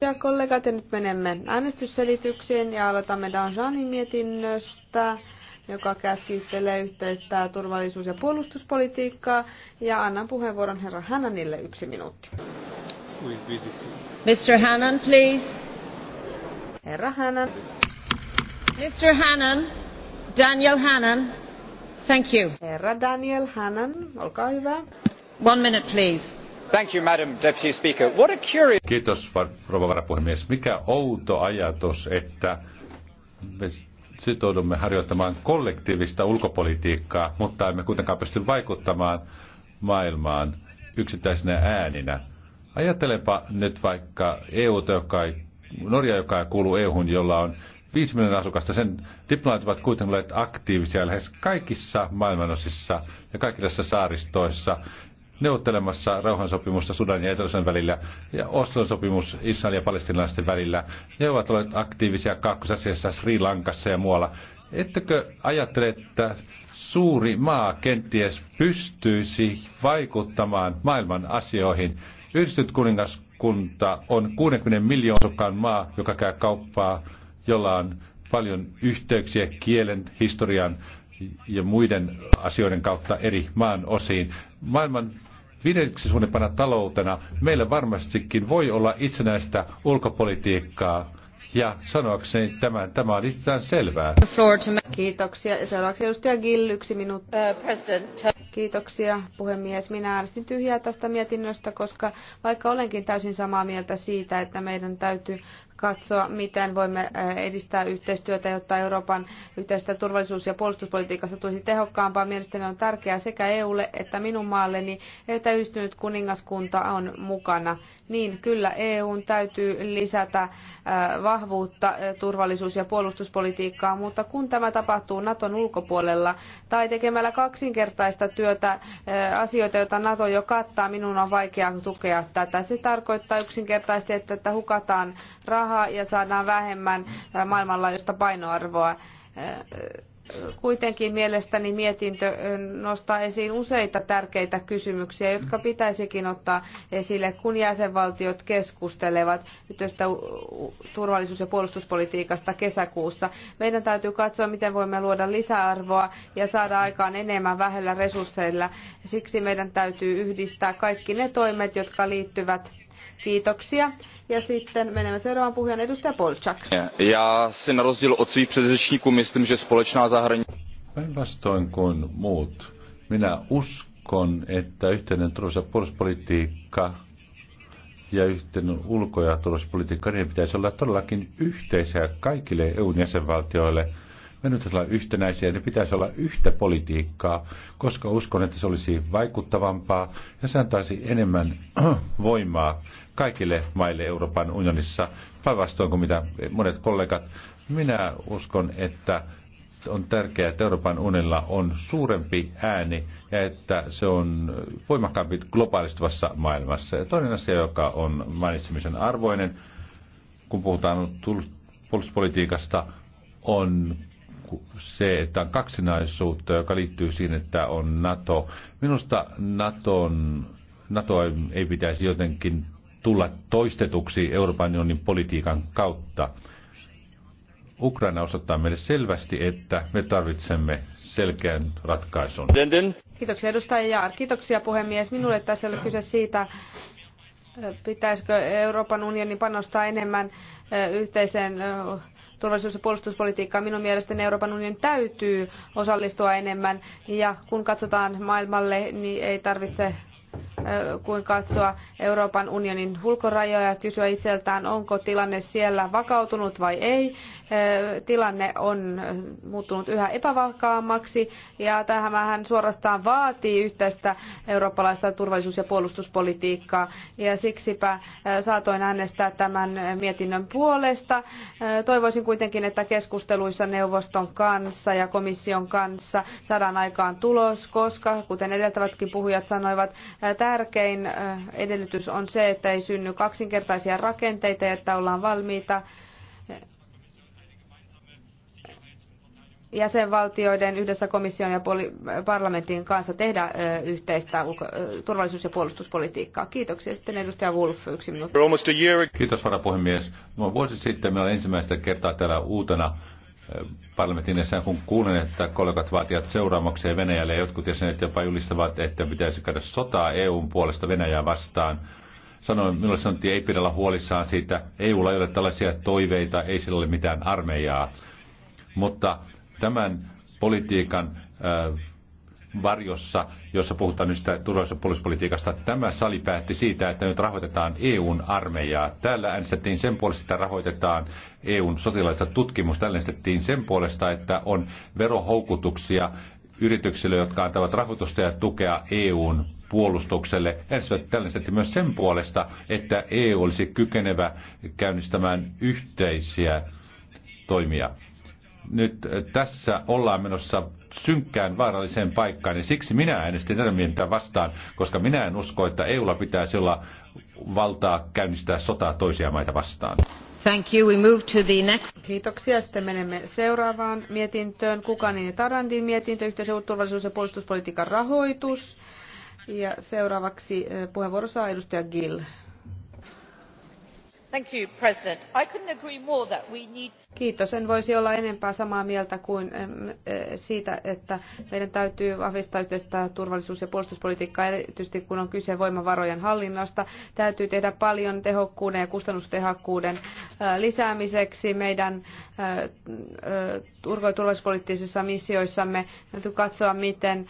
Ja kollegat, ja nyt menemme äänestysselitykseen ja aloitamme Danjanin mietinnöstä, joka käskittelee yhteistä turvallisuus- ja puolustuspolitiikkaa. Ja annan puheenvuoron herra Hannanille yksi minuutti. Mr. Hannan, please. Herra Hannan. Mr. Hannan, Daniel Hannan, thank you. Herra Daniel Hannan, olkaa hyvä. One minute, please. Thank Kiitos, rouva varapuhemies. Mikä outo ajatus, että me sitoudumme harjoittamaan kollektiivista ulkopolitiikkaa, mutta emme kuitenkaan pysty vaikuttamaan maailmaan yksittäisenä ääninä. Ajattelepa nyt vaikka EU, joka ei, Norja, joka ei kuulu EU-hun, jolla on 5 miljoonaa asukasta. Sen diplomaatit ovat kuitenkin olleet aktiivisia lähes kaikissa maailmanosissa ja kaikissa saaristoissa neuvottelemassa rauhansopimusta Sudan ja Etelän välillä ja Oslon sopimus Israelin ja palestinalaisten välillä. Ne ovat olleet aktiivisia kaakkois Sri Lankassa ja muualla. Ettekö ajattele, että suuri maa kenties pystyisi vaikuttamaan maailman asioihin? Yhdistyt kuningaskunta on 60 miljoonan maa, joka käy kauppaa, jolla on paljon yhteyksiä kielen, historian, ja muiden asioiden kautta eri maan osiin. Maailman viidenneksi suunnipana taloutena meillä varmastikin voi olla itsenäistä ulkopolitiikkaa. Ja sanoakseni tämä, tämä on itseään selvää. Kiitoksia. Seuraavaksi edustaja Gill, yksi minuutti. Uh, Kiitoksia puhemies. Minä äänestin tyhjää tästä mietinnöstä, koska vaikka olenkin täysin samaa mieltä siitä, että meidän täytyy katsoa, miten voimme edistää yhteistyötä, jotta Euroopan yhteistä turvallisuus- ja puolustuspolitiikasta tulisi tehokkaampaa. Mielestäni on tärkeää sekä EUlle että minun maalleni, että yhdistynyt kuningaskunta on mukana. Niin, kyllä EUn täytyy lisätä vahvuutta turvallisuus- ja puolustuspolitiikkaa, mutta kun tämä tapahtuu Naton ulkopuolella tai tekemällä kaksinkertaista työtä asioita, joita Nato jo kattaa, minun on vaikea tukea tätä. Se tarkoittaa yksinkertaisesti, että hukataan rahaa rahaa ja saadaan vähemmän maailmanlaajuista painoarvoa. Kuitenkin mielestäni mietintö nostaa esiin useita tärkeitä kysymyksiä, jotka pitäisikin ottaa esille, kun jäsenvaltiot keskustelevat yhteistä turvallisuus- ja puolustuspolitiikasta kesäkuussa. Meidän täytyy katsoa, miten voimme luoda lisäarvoa ja saada aikaan enemmän vähellä resursseilla. Siksi meidän täytyy yhdistää kaikki ne toimet, jotka liittyvät Kiitoksia. Ja sitten menemme seuraavaan puhujan edustaja Polchak. Ja sen rozdíl od svých předřečníků myslím, že společná zahraniční... Päinvastoin kuin muut, minä uskon, että yhteinen turvallisuus- ja puolustuspolitiikka ja yhteinen ulko- ja turvallisuuspolitiikka, niin pitäisi olla todellakin yhteisiä kaikille eu jäsenvaltioille – me nyt olla yhtenäisiä ja niin ne pitäisi olla yhtä politiikkaa, koska uskon, että se olisi vaikuttavampaa ja se antaisi enemmän voimaa kaikille maille Euroopan unionissa, päinvastoin kuin mitä monet kollegat. Minä uskon, että on tärkeää, että Euroopan unionilla on suurempi ääni ja että se on voimakkaampi globaalistuvassa maailmassa. Ja toinen asia, joka on mainitsemisen arvoinen, kun puhutaan puolustuspolitiikasta, on se, että on kaksinaisuutta, joka liittyy siihen, että on NATO. Minusta NATOn, NATO ei pitäisi jotenkin tulla toistetuksi Euroopan unionin politiikan kautta. Ukraina osoittaa meille selvästi, että me tarvitsemme selkeän ratkaisun. Kiitoksia edustaja Jaar. Kiitoksia puhemies. Minulle tässä oli kyse siitä, pitäisikö Euroopan unionin panostaa enemmän yhteiseen turvallisuus- ja puolustuspolitiikkaa. Minun mielestäni Euroopan unionin täytyy osallistua enemmän ja kun katsotaan maailmalle, niin ei tarvitse Äh, kuin katsoa Euroopan unionin ulkorajoja ja kysyä itseltään, onko tilanne siellä vakautunut vai ei. Äh, tilanne on muuttunut yhä epävakaammaksi ja tämähän suorastaan vaatii yhteistä eurooppalaista turvallisuus- ja puolustuspolitiikkaa ja siksipä äh, saatoin äänestää tämän mietinnön puolesta. Toivoisin kuitenkin, että keskusteluissa neuvoston kanssa ja komission kanssa saadaan aikaan tulos, koska kuten edeltävätkin puhujat sanoivat, tämä tärkein edellytys on se, että ei synny kaksinkertaisia rakenteita ja että ollaan valmiita jäsenvaltioiden yhdessä komission ja parlamentin kanssa tehdä yhteistä turvallisuus- ja puolustuspolitiikkaa. Kiitoksia. Sitten edustaja Wolf, yksi minuutti. Kiitos varapuhemies. Vuosi sitten meillä on ensimmäistä kertaa täällä uutena parlamentin edessä, kun kuulen, että kollegat vaativat seuraamuksia Venäjälle ja jotkut jäsenet jopa julistavat, että pitäisi käydä sotaa EUn puolesta Venäjää vastaan. Sanoin, minulle sanottiin, ei pidä olla huolissaan siitä. EUlla ei ole tällaisia toiveita, ei sillä ole mitään armeijaa. Mutta tämän politiikan äh, varjossa, jossa puhutaan nyt sitä turvallisuuspolitiikasta. Tämä sali päätti siitä, että nyt rahoitetaan EUn armeijaa. Täällä äänestettiin sen puolesta, että rahoitetaan EUn sotilaista tutkimusta. Äänestettiin sen puolesta, että on verohoukutuksia yrityksille, jotka antavat rahoitusta ja tukea EUn puolustukselle. Äänestettiin myös sen puolesta, että EU olisi kykenevä käynnistämään yhteisiä toimia. Nyt äh, tässä ollaan menossa synkkään vaaralliseen paikkaan. Ja siksi minä äänestin tätä mieltä vastaan, koska minä en usko, että EUlla pitäisi olla valtaa käynnistää sotaa toisia maita vastaan. Thank you. We move to the next. Kiitoksia. Sitten menemme seuraavaan mietintöön. Kukanin ja Tarandin mietintö, yhteisen turvallisuus- ja puolustuspolitiikan rahoitus. Ja seuraavaksi eh, puheenvuoro saa edustaja Gill. Kiitos. En voisi olla enempää samaa mieltä kuin e, siitä, että meidän täytyy vahvistaa yhteistä turvallisuus- ja puolustuspolitiikkaa, erityisesti kun on kyse voimavarojen hallinnasta. Täytyy tehdä paljon tehokkuuden ja kustannustehokkuuden lisäämiseksi meidän ulko- ja turvallisuuspoliittisissa missioissamme. Täytyy katsoa, miten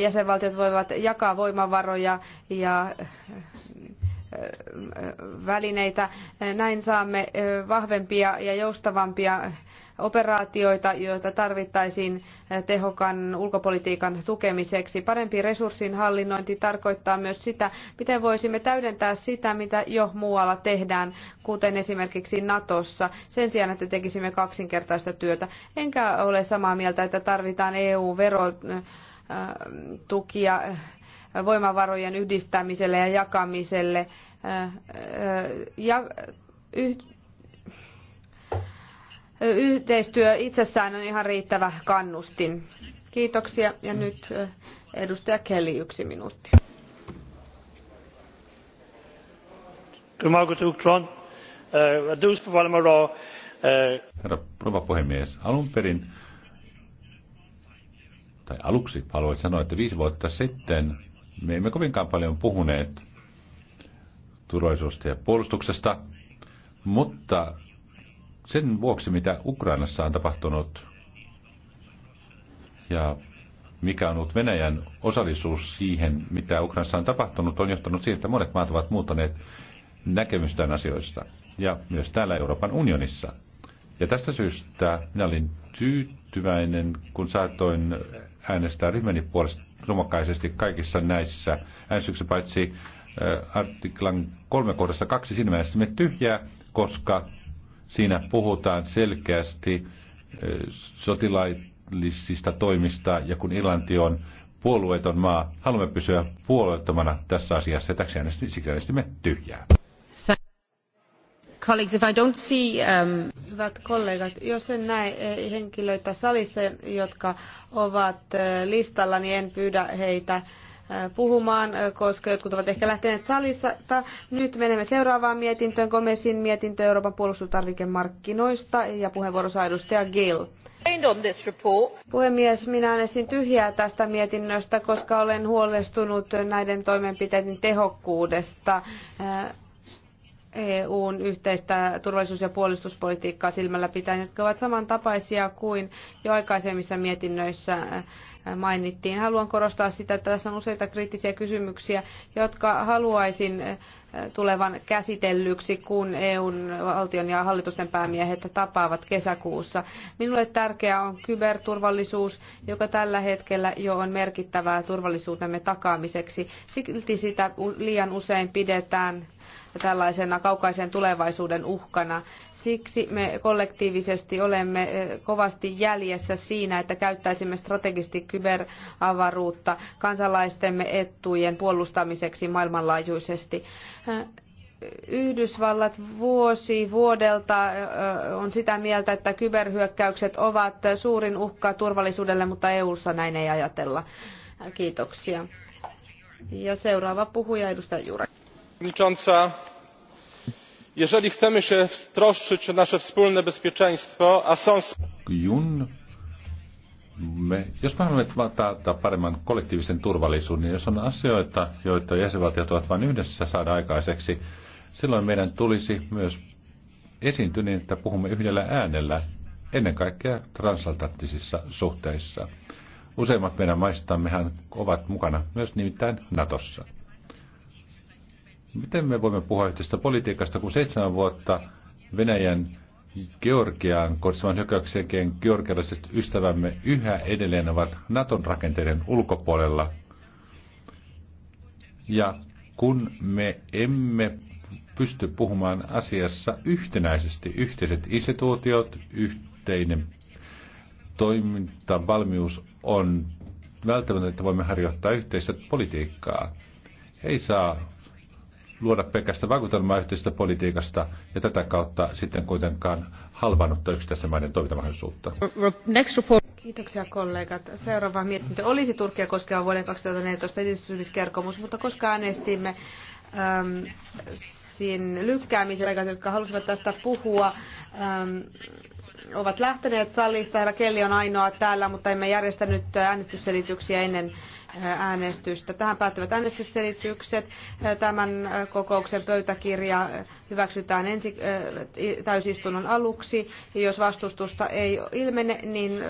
jäsenvaltiot voivat jakaa voimavaroja ja välineitä. Näin saamme vahvempia ja joustavampia operaatioita, joita tarvittaisiin tehokkaan ulkopolitiikan tukemiseksi. Parempi resurssin hallinnointi tarkoittaa myös sitä, miten voisimme täydentää sitä, mitä jo muualla tehdään, kuten esimerkiksi Natossa, sen sijaan, että tekisimme kaksinkertaista työtä. Enkä ole samaa mieltä, että tarvitaan EU-verotukia voimavarojen yhdistämiselle ja jakamiselle ja, yhteistyö itsessään on ihan riittävä kannustin. Kiitoksia ja nyt edustaja Kelly yksi minuutti. Uh, uh, Herra rouva puhemies, alun perin tai aluksi haluaisin sanoa, että viisi vuotta sitten me emme kovinkaan paljon puhuneet turvallisuudesta ja puolustuksesta, mutta sen vuoksi, mitä Ukrainassa on tapahtunut ja mikä on ollut Venäjän osallisuus siihen, mitä Ukrainassa on tapahtunut, on johtanut siihen, että monet maat ovat muuttaneet näkemystään asioista ja myös täällä Euroopan unionissa. Ja tästä syystä minä olin tyytyväinen, kun saatoin äänestää ryhmäni puolesta rumakkaisesti kaikissa näissä äänestyksissä, paitsi artiklan kolme kohdassa kaksi siinä mielessä me tyhjää, koska siinä puhutaan selkeästi sotilaallisista toimista ja kun Irlanti on puolueeton maa, haluamme pysyä puolueettomana tässä asiassa ja täksi äänestimme tyhjää. Colleagues, if I don't see, um... Hyvät kollegat, jos en näe eh, henkilöitä salissa, jotka ovat eh, listalla, niin en pyydä heitä Äh, puhumaan, äh, koska jotkut ovat ehkä lähteneet salissa. Nyt menemme seuraavaan mietintöön, Komesin mietintö Euroopan puolustustarvikemarkkinoista ja puheenvuoro saa edustaja Gill. Puhemies, minä äänestin tyhjää tästä mietinnöstä, koska olen huolestunut näiden toimenpiteiden tehokkuudesta. Äh, EUn yhteistä turvallisuus- ja puolustuspolitiikkaa silmällä pitäen, jotka ovat samantapaisia kuin jo aikaisemmissa mietinnöissä mainittiin. Haluan korostaa sitä, että tässä on useita kriittisiä kysymyksiä, jotka haluaisin eh, tulevan käsitellyksi, kun EUn valtion ja hallitusten päämiehet tapaavat kesäkuussa. Minulle tärkeää on kyberturvallisuus, joka tällä hetkellä jo on merkittävää turvallisuutemme takaamiseksi. Silti sitä liian usein pidetään tällaisena kaukaisen tulevaisuuden uhkana. Siksi me kollektiivisesti olemme eh, kovasti jäljessä siinä, että käyttäisimme strategisesti kyberavaruutta kansalaistemme etujen puolustamiseksi maailmanlaajuisesti. Yhdysvallat vuosi vuodelta on sitä mieltä, että kyberhyökkäykset ovat suurin uhka turvallisuudelle, mutta EU:ssa näin ei ajatella. Kiitoksia. Ja seuraava puhuja, edustaja Jurek. Jeżeli chcemy się wstroszczyć o nasze wspólne bezpieczeństwo, a są... Jun me, jos me haluamme taata paremman kollektiivisen turvallisuuden, niin jos on asioita, joita jäsenvaltiot ovat vain yhdessä saada aikaiseksi, silloin meidän tulisi myös esiintyä niin, että puhumme yhdellä äänellä, ennen kaikkea transatlanttisissa suhteissa. Useimmat meidän maistammehan ovat mukana myös nimittäin Natossa. Miten me voimme puhua yhteistä politiikasta, kun seitsemän vuotta Venäjän Georgiaan kohdistuvan hyökkäyksen jälkeen georgialaiset ystävämme yhä edelleen ovat Naton rakenteiden ulkopuolella. Ja kun me emme pysty puhumaan asiassa yhtenäisesti, yhteiset instituutiot, yhteinen toimintavalmius on välttämätöntä, että voimme harjoittaa yhteistä politiikkaa. Ei saa luoda pelkästään vaikutelmaa yhteisestä politiikasta ja tätä kautta sitten kuitenkaan halvannutta yksittäisten maiden toimintamahdollisuutta. Kiitoksia kollegat. Seuraava mietintö olisi Turkia koskeva vuoden 2014 edistymiskertomus, mutta koska äänestimme äm, siinä lykkäämisellä, jotka halusivat tästä puhua, äm, ovat lähteneet salista. Herra Kelli on ainoa täällä, mutta emme järjestänyt äänestysselityksiä ennen äänestystä. Tähän päättyvät äänestysselitykset. Tämän kokouksen pöytäkirja hyväksytään ensi, täysistunnon aluksi. Jos vastustusta ei ilmene, niin